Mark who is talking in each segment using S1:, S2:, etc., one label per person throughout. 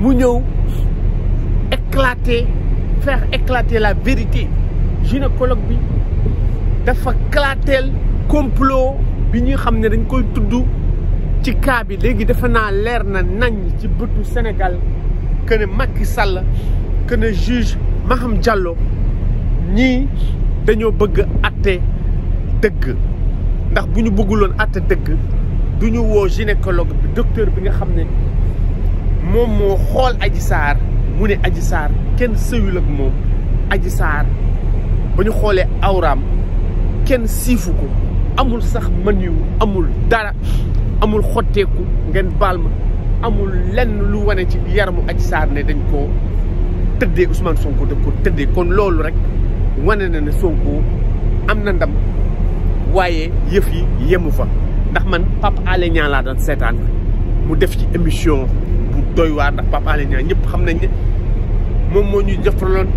S1: mu éclater faire éclater la vérité gynécologue bi dafa éclater complot bi ñuy xam dañ koy tudd ci cas bi léegi na na nañ ci Sénégal que ne Macky Sall que ne juge Maham Diallo ni dañoo bëgg atte dëgg ndax bu ñu bëgguloon atte dëgg du gynécologue bi docteur bi nga moom moo xool Adji Sarr mu ne Adji saar kenn sëyul ak moom Adji saar ba ñu xoolee awraam kenn siifu ko amul sax mën yu amul dara amul xotteeku ngeen baal ma amul lenn lu wane ci yaramu Adji saar ne dañ koo tëddee Ousmane Sonko dañ ko tëddee kon loolu rek wane na ne Sonko am na ndam waaye yëf yi yemu fa ndax man Pape Alé Niang laa daan seetaan mu def ci émission doy waar ndax papa ali Niang ñëpp xam nañ ni mom mo ñu jëfëlon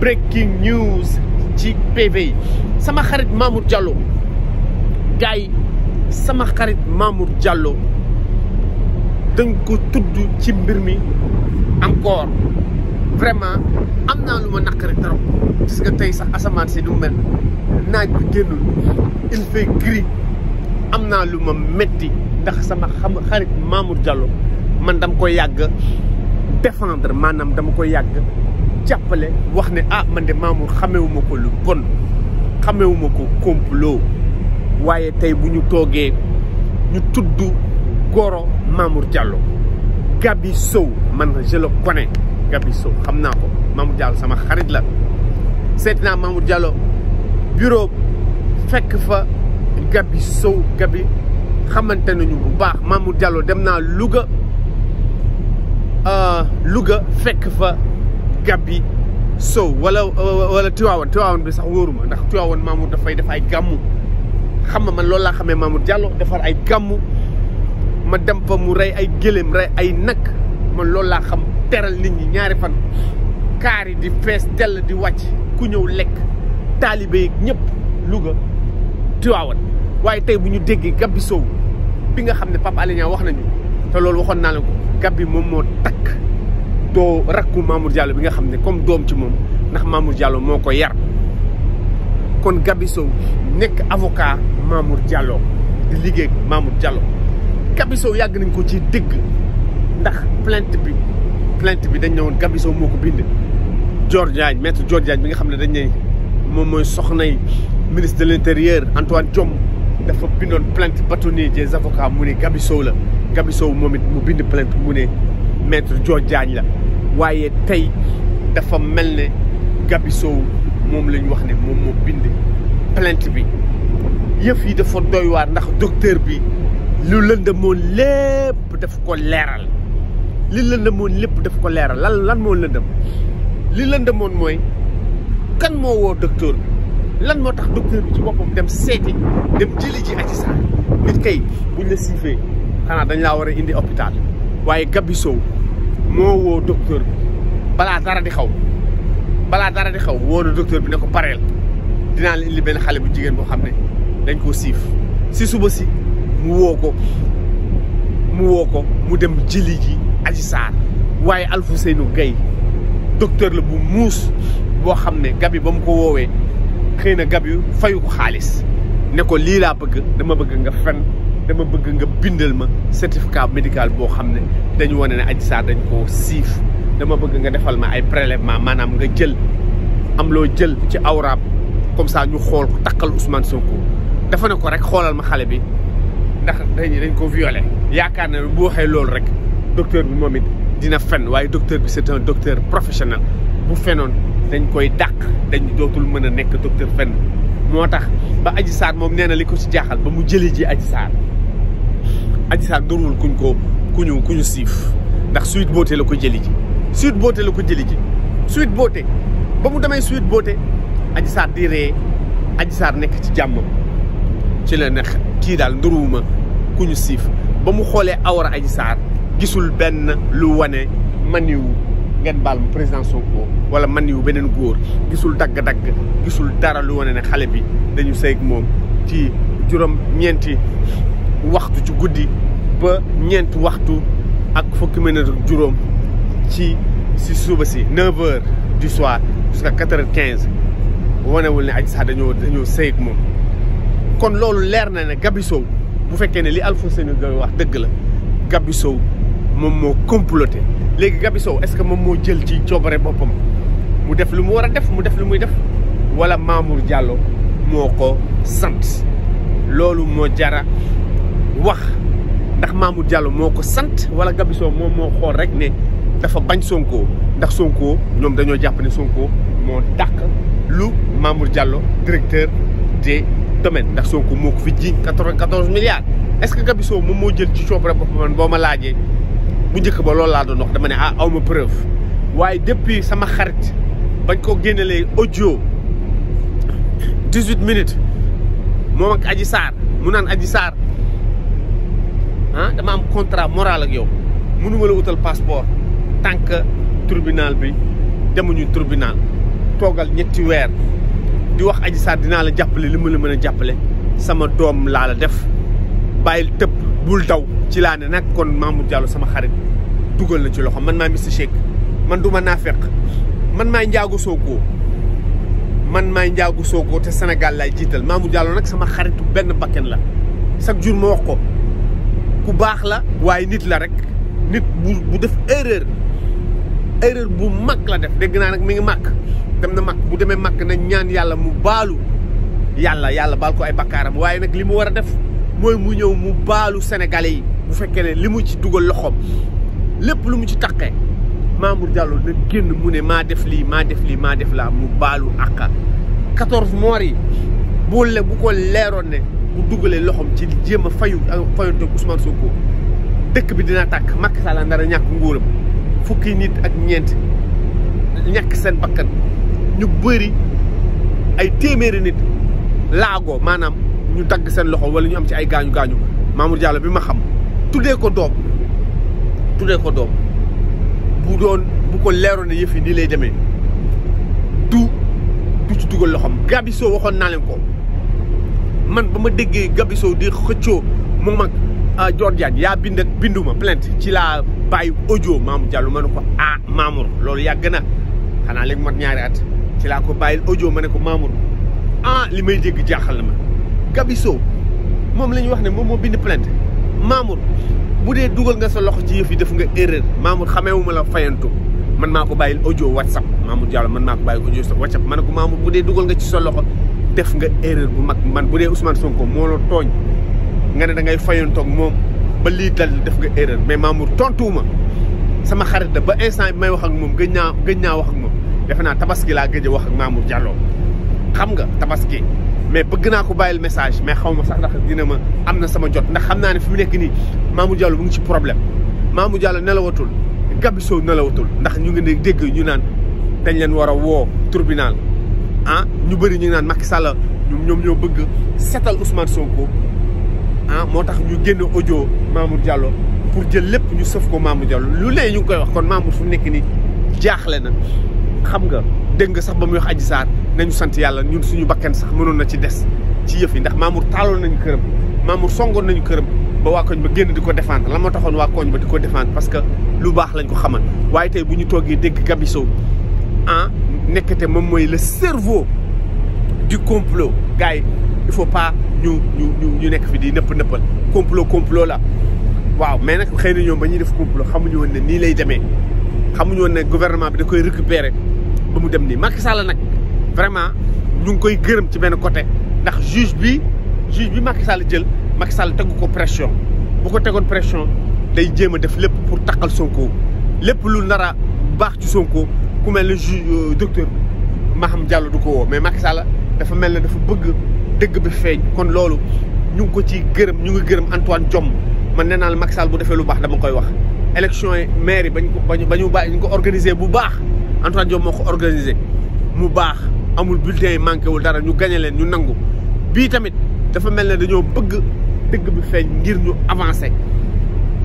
S1: breaking news ci PV sama xarit Mamour Diallo gay sama xarit Mamour Diallo dañ ko tudd ci mbir mi encore vraiment amna luma nak rek naqari trop gis nga tay sax asaman ci du mel naaj bi génnul il fait gris amna luma metti ndax sama xam xarit Mamour Diallo man dama koy yàgg défendre maanaam dama koy yàgg jàppale wax ne ah man de Mamour xamewuma ko lu bon xamewuma ko complot waaye tey bu ñu toogee ñu tudd Goro Mamour jàlloo Gabi Sow man je le connais Gabi Sow xam naa ko Mamour Diallo sama xarit la seet naa Mamour Diallo bureau fekk fa Gabi Sow Gabi xamante nañu bu baax Mamour Diallo dem naa Louga luga fekk fa Gabi so, wala wala Tiwaawan Tiwaawan bi sax woruma ndax Tiwaawan Mamour fay def ay gamu xam nga man loolu la xamee Mamour Diallo defar ay gamu ma dem fa mu ray ay gelem ray ay nak, man loolu la xam teral nit ñi ñaari fan kari di fess del di wacc ku ñew lek taalibe yi ñëpp Louga Tiwaawan waaye tey bu ñu déggee Gabi so bi nga xam ne Pape wax nañu te loolu waxon na la ko Gabi moom moo takk doo rakku Mamour Diallo bi nga xam ne comme doom ci moom ndax Mamour Diallo moo ko yar kon Gabi Sow nekk avocat Mamour Diallo di liggéey Mamour Diallo Gabi Sow yàgg nañ ko ci dégg ndax plainte bi plainte bi dañ ne woon Gabi Sow moo ko bind George Diagne maître bi nga xam ne dañ ne moom mooy soxnay ministre de l' intérieur Antoine Diome dafa bindoon plainte bâtonnier des avocats mu ne Gabi Sow la Gabi moom it mu bind plainte mu ne maître Dior Diagne la waaye tey dafa mel ne Gabi moom lañu wax ne moom moo bind plainte bi yëf yi dafa doy ndax docteur bi lu lëndëmoon lépp daf ko leeral li lëndëmoon lépp daf ko leeral lan lan moo lëndëm li lëndëmoon mooy kan moo woo docteur lan moo tax docteur bi ci boppam dem seeti dem jëli ji Adji Sarr nit kay buñ la siifee xanaa dañ laa war a indi hôpital waaye Gabi Sow moo woo docteur bi balaa dara di xaw balaa dara di xaw woo na docteur bi ne ko pareel dinaa la indi benn xale bu jigéen boo xam ne dañ koo siif si suba si mu woo ko mu woo ko mu dem jëli ji Adji Sarr waaye Alfousseynou Gaye docteur la bu muus boo xam ne Gabi ba mu ko woowee xëy na Gabi fayu ko xaalis ne ko lii laa bëgg dama bëgg nga fen dama bëgg nga bindal ma certificat médical bo xam ne dañu wane ne Adji Sarr dañ ko sif dama bëgg nga defal ma ay prélèvement manam nga jël am lo jël ci awrab comme ça ñu xol ko takkal Ousmane Sonko dafa ne ko rek xolal ma xalé bi ndax dañ dañ ko violer yaakaar na bu waxé lool rek docteur bi momit dina fen waye docteur bi c'est un docteur professionnel bu fennon dañ koy dak dañ dootul mëna nek docteur fen motax ba Adji Sarr mom nee liko ci jaxal ba mu jëli ji Adji Sarr Adji Sarr kunko kuñ ko kuñu kuñu siif ndax suite Beauté la ko jëli ji Sweet Beauté la ko jëli ji Sweet Beauté ba mu demee Sweet Beauté Adji Sarr di ree Adji Sarr nekk ci jàmm ci la ne kii daal nduruwuma kuñu ñu siif ba mu awra gisul benn lu wane maniwu ngeen baal ma président Sonko wala maniwu beneen góor gisul dagg-dagg gisul dara lu wane ne xale bi dañu sëy ak moom ci juróom ñeenti waxtu ci guddi ba ñeent waxtu ak fukki minute juróom ci si suba si 9 heures du soir jusqu'à 4 heures 15 wanewul ne Adji Sarr dañoo seyt moom. kon loolu leer na ne Gabi Sow bu fekkee ne li Alphonsine Gaye wax dëgg la Gabi Sow moom moo comploté léegi Gabi Sow est-ce que moom moo jël ci coobare boppam mu def li mu war a def mu def lu muy def wala Mamour Diallo moo ko sant loolu moo jara wax ndax Mamour Diallo moo ko sant wala Gabiso moom moo xool rek ne dafa bañ Sonko ndax Sonko ñoom dañoo jàpp ne Sonko moo dàq lu Mamour Diallo directeur des domaines ndax Sonko moo ko fi ji 94 milliards. est-ce que Gabiso moom moo jël ci coobare boppam man boo ma laajee bu njëkk ba loolu laa doon dama ne ah aw ma preuve waaye depuis sama xarit bañ koo ko génnelee audio 18 minutes moom ak aji Sarr mu naan aji Sarr. ah dama am contrat moral ak yow mënuma la wutal passeport tant que tribunal bi demuñu tribunal toogal ñetti weer di wax Adji Sarr dinaa la jàppale li ma la mën a jàppale sama doom laa la def bàyyil tëb bul daw ci laa ne nag kon Mamour Diallo sama xarit dugal na ci loxo man maa Mister Shake man du ma naafeq man maay njaagu sookoo man maay njaagu sookoo te Sénégal laay jiital Mamour Diallo nag sama xaritu benn bakken la chaque jour ma wax ko bu baax la waaye nit la rek nit bu def erreur erreur bu mag la def dégg naa nag mi ngi màkk dem na màkk bu demee màkk na ñaan yàlla mu baalu yàlla yàlla baal ko ay bakkaaram waaye nag li mu war a def mooy mu ñëw mu baalu sénégalais yi bu fekkee ne li mu ci dugal loxoom lépp lu mu ci taqee Mamour Diallo na génn mu ne maa def lii maa def lii maa def laa mu baalu àqa quatorze morts yi bu bu ko leeroon ne bu dugalee loxoom ci jéem a fayu fayonte Ousmane Sonko dëkk bi dina tàkk Macky Sall ndara ñàkk nguuram fukki nit ak ñeent ñàkk seen bakkan ñu bëri ay téeméeri nit laago maanaam ñu dagg seen loxo wala ñu am ci ay gaañu gaañu Mamour Diallo bi ma xam tuddee ko doom tuddee ko doom bu doon bu ko leeroon na yëf yi nii lay demee du du ci dugal loxoom. soo waxoon naa leen ko. man ba ma déggee Gaby Sow di xëccoo moom ak ah, Dior Diagne yaa bind ak binduma plainte ci laa bàyyi audio Mamour Diallo ma ko ah Mamour loolu yàgg na xanaa léegi mot ñaari at ci laa ko bàyyil audio ma ne ko Mamour ah li may dégg jaaxal na ma Gaby Sow moom la ñuy wax ne moom moo bind plainte Mamour bu dee dugal nga sa loxo ci yëf def nga erreur Mamour xameewu ma la fayantu man maa ko bàyyil audio WhatsApp Mamour Diallo man maa ko bàyyil audio WhatsApp ma ne ko Mamour bu dee dugal nga ci sa loxo def nga erreur bu mag man bu dee Ousmane Sonko moo la tooñ nga ne da ngay toog moom ba lii dal def nga erreur mais Mamour tontuwuma sama xarit da ba instant bi may wax ak moom gëj naa gëj naa wax ak moom defe naa tabaski laa gëj a wax ak Mamour Diallo xam nga tabaski mais bëgg naa ko bàyyil message mais xaw ma sax ndax dina ma am na sama jot ndax xam naa ne fi mu nekk nii Mamour Diallo mu ngi ci problème Mamour Diallo nelawatul Gabi Sow nelawatul ndax ñu ngi dégg ñu naan dañ leen war a woo tribunal ah ñu bari ñu ngi naan Macky Sall ñom ñom ñoo bëgg sétal Ousmane Sonko ah motax ñu génn audio Mamour Diallo pour jël lepp ñu sëf ko Mamour Diallo lu lay ñu koy wax kon Mamour fu nekk ni jaaxle na xam nga dégg sax ba muy wax Adji Sarr nañu sant Yalla ñun suñu bakkan sax mënon na ci dess ci yëf yi ndax Mamour taaloon nañu kërëm Mamour songoon nañu kërëm ba wa koñ ba génn di défendre la mo taxoon wa koñ ba di défendre parce que lu baax lañ ko xamal waye tay buñu toggé dégg Gabisso ah nekete moom mooy le cerveau du complot gars il faut pas ñu ñu ñu nek fi di nëpp nëppal complot complot la waaw mais nak xeyna ñom ñoom ba ñuy def complot xamuñu woon ne lay démé xamuñu woon ne gouvernement bi da koy récupérer ba mu dem ni Macky Sall nak vraiment ñu ngi koy gërëm ci ben côté ndax juge bi juge bi Macky Sall jël Macky Sall tagu ko pression bu ko tegoon pression day jéem def lepp pour takal Sonko lepp lu nara bax ci Sonko ku mel ne ju euh, docteur Maham Diallo du ko woo mais Macky Sall dafa mel ne dafa bëgg dëgg bi feeñ kon loolu ñu ngi ko ci gërëm ñu ngi gërëm Antoine Diome man nee naa la Macky bu defee lu baax dama koy wax élection yi maire yi bañ ko bañu ba ñu ko organisé bu baax Antoine Diome moo ko organisé mu baax amul bulletin yi manqué wul dara ñu gañe leen ñu nangu bii tamit dafa mel ne dañoo bëgg dëgg bi feeñ ngir ñu avancé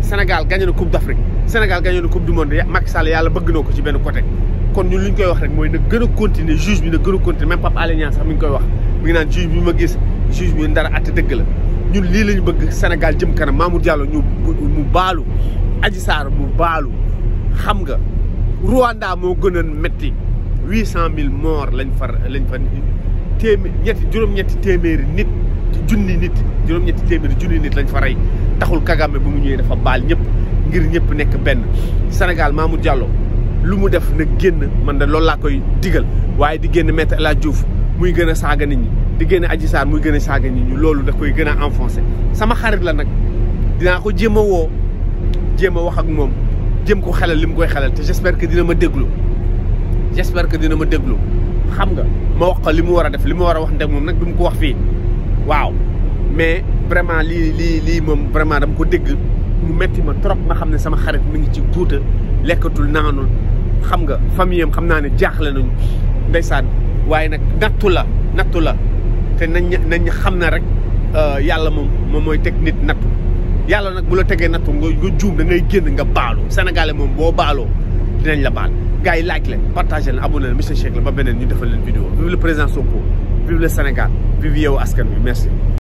S1: Sénégal gagné na coupe d' Afrique Sénégal gagné na coupe du monde Macky Sall yàlla bëgg na ko ci benn côté kon ñun li ñu koy wax rek mooy na gën a continuer juge bi na gën a continuer même Pape Alé Niang sax mi ngi koy wax mi ngi naan juge bi ma gis juge bi ndara àtte dëgg la ñu lii lañu bëgg Sénégal jëm kanam Mamour Diallo ñu mu baalu Adji Sarr mu baalu xam nga Rwanda moo gënoon métti huit cent mille morts lañ far lañ fa téemé ñetti juróom-ñetti téeméeri nit junni nit juróom-ñetti téeméeri junni nit lañ fa rey taxul Kagame bu mu ñëwee dafa baal ñëpp ngir ñëpp nekk benn Sénégal Mamour jàlloo lu mu def na génn man da loolu laa koy diggal waaye di génn Maître El Hadj muy gën saaga nit ñi di génn Adji Sarr muy gën a saaga nit ñi loolu da koy gën a enfoncé sama xarit la nag dinaa ko jéem a woo jéem a wax ak moom jéem ko xelal li mu koy xelal te j'espère que dina ma déglu j'espère que dina ma déglu xam nga ma wax ko li mu war a def li ma war a wax ndeg moom nag bi mu ko wax fii waaw mais vraiment lii lii lii moom vraiment dam ko dégg mu metti ma trop nga xam ne sama xarit mi ngi ci tuuta lekkatul naanul xam nga famille am xam naa ne jaaxle nañu ndeysaan waaye nag nattu la nattu la te nañ nañ xam na rek euh, yàlla moom moom mooy teg nit nattu yàlla nag bu la tegee nattu nga nga juum da ngay génn nga baalu sénégalais moom boo baaloo dinañ la baal gars yi like leen partagé leen abonné leen Mister Shake la ba beneen ñu defal leen vidéo vive le président Sonko vive le Sénégal vive wu askan bi merci